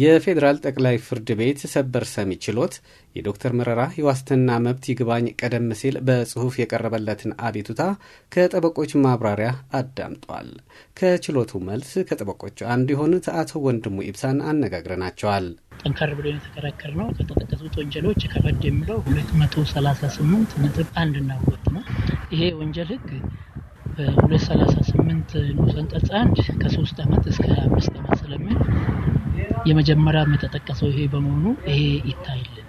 የፌዴራል ጠቅላይ ፍርድ ቤት ሰበር ሰሚ ችሎት የዶክተር መረራ የዋስትና መብት ይግባኝ ቀደም ሲል በጽሑፍ የቀረበለትን አቤቱታ ከጠበቆች ማብራሪያ አዳምጧል። ከችሎቱ መልስ ከጠበቆቹ አንዱ የሆኑት አቶ ወንድሙ ኢብሳን አነጋግረናቸዋል። ጠንከር ብሎ የተከራከር ነው። ከተጠቀሱት ወንጀሎች ከበድ የሚለው ሁለት መቶ ሰላሳ ስምንት ነጥብ አንድ አንድና ሁለት ነው። ይሄ ወንጀል ህግ በ238 ንዑስ አንቀጽ አንድ ከሶስት አመት እስከ አምስት አመት ስለሚል የመጀመሪያ የተጠቀሰው ይሄ በመሆኑ ይሄ ይታይልን።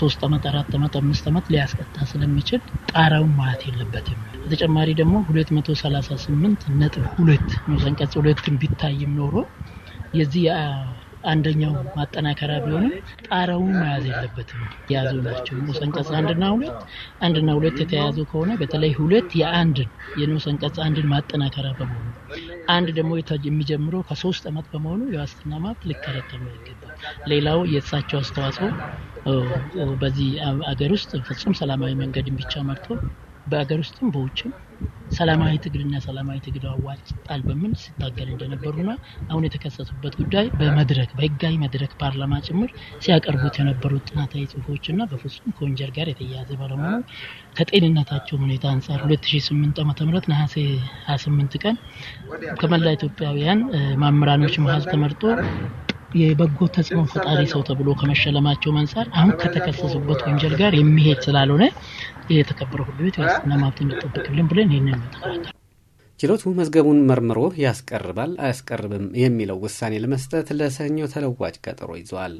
ሶስት አመት አራት አመት አምስት አመት ሊያስቀጣ ስለሚችል ጣራውን ማለት የለበትም። በተጨማሪ ደግሞ ሁለት መቶ ሰላሳ ስምንት ነጥብ ሁለት ነው አንቀጽ ሁለትን ቢታይም ኖሮ የዚህ አንደኛው ማጠናከሪያ ቢሆንም ጣራውን መያዝ የለበትም። የያዘው ናቸው። ንዑስ አንቀጽ አንድና ሁለት አንድና ሁለት የተያያዙ ከሆነ በተለይ ሁለት የአንድን የንዑስ አንቀጽ አንድን ማጠናከሪያ በመሆኑ አንድ ደግሞ የሚጀምረው ከሶስት አመት በመሆኑ የዋስትና መብት ሊከለከል ነው ይገባል። ሌላው የእሳቸው አስተዋጽኦ በዚህ አገር ውስጥ ፍጹም ሰላማዊ መንገድን ብቻ መርቶ በአገር ውስጥም በውጭም ሰላማዊ ትግልና ሰላማዊ ትግል አዋጅ ጣል በሚል ሲታገል እንደነበሩና አሁን የተከሰሱበት ጉዳይ በመድረክ በህጋዊ መድረክ ፓርላማ ጭምር ሲያቀርቡት የነበሩት ጥናታዊ ጽሁፎችና በፍጹም ከወንጀል ጋር የተያያዘ ባለመሆኑ ከጤንነታቸው ሁኔታ አንጻር 2008 ዓ.ም ነሐሴ 28 ቀን ከመላ ኢትዮጵያውያን ማምራኖች መሀል ተመርጦ የበጎ ተጽዕኖ ፈጣሪ ሰው ተብሎ ከመሸለማቸው አንጻር አሁን ከተከሰሱበት ወንጀል ጋር የሚሄድ ስላልሆነ የተከበረ ሁሉ ቤት ዋስትና መብት እንዲጠበቅልን ብለን ይህንን ተከራከር ችሎቱ መዝገቡን መርምሮ ያስቀርባል አያስቀርብም የሚለው ውሳኔ ለመስጠት ለሰኞ ተለዋጭ ቀጠሮ ይዘዋል።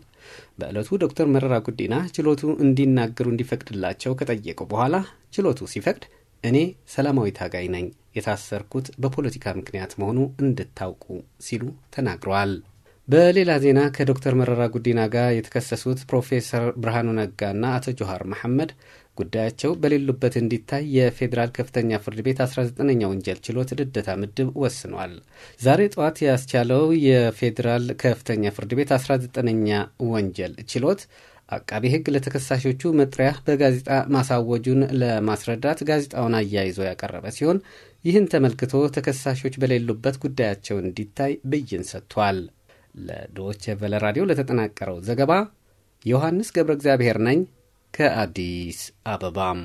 በዕለቱ ዶክተር መረራ ጉዲና ችሎቱ እንዲናገሩ እንዲፈቅድላቸው ከጠየቁ በኋላ ችሎቱ ሲፈቅድ እኔ ሰላማዊ ታጋይ ነኝ፣ የታሰርኩት በፖለቲካ ምክንያት መሆኑ እንድታውቁ ሲሉ ተናግረዋል። በሌላ ዜና ከዶክተር መረራ ጉዲና ጋር የተከሰሱት ፕሮፌሰር ብርሃኑ ነጋ እና አቶ ጆሃር መሐመድ ጉዳያቸው በሌሉበት እንዲታይ የፌዴራል ከፍተኛ ፍርድ ቤት 19ኛ ወንጀል ችሎት ልደታ ምድብ ወስኗል። ዛሬ ጠዋት ያስቻለው የፌዴራል ከፍተኛ ፍርድ ቤት 19ኛ ወንጀል ችሎት አቃቢ ሕግ ለተከሳሾቹ መጥሪያ በጋዜጣ ማሳወጁን ለማስረዳት ጋዜጣውን አያይዞ ያቀረበ ሲሆን ይህን ተመልክቶ ተከሳሾች በሌሉበት ጉዳያቸው እንዲታይ ብይን ሰጥቷል። ለዶቼ ቨለ ራዲዮ ለተጠናቀረው ዘገባ ዮሐንስ ገብረ እግዚአብሔር ነኝ ከአዲስ አበባም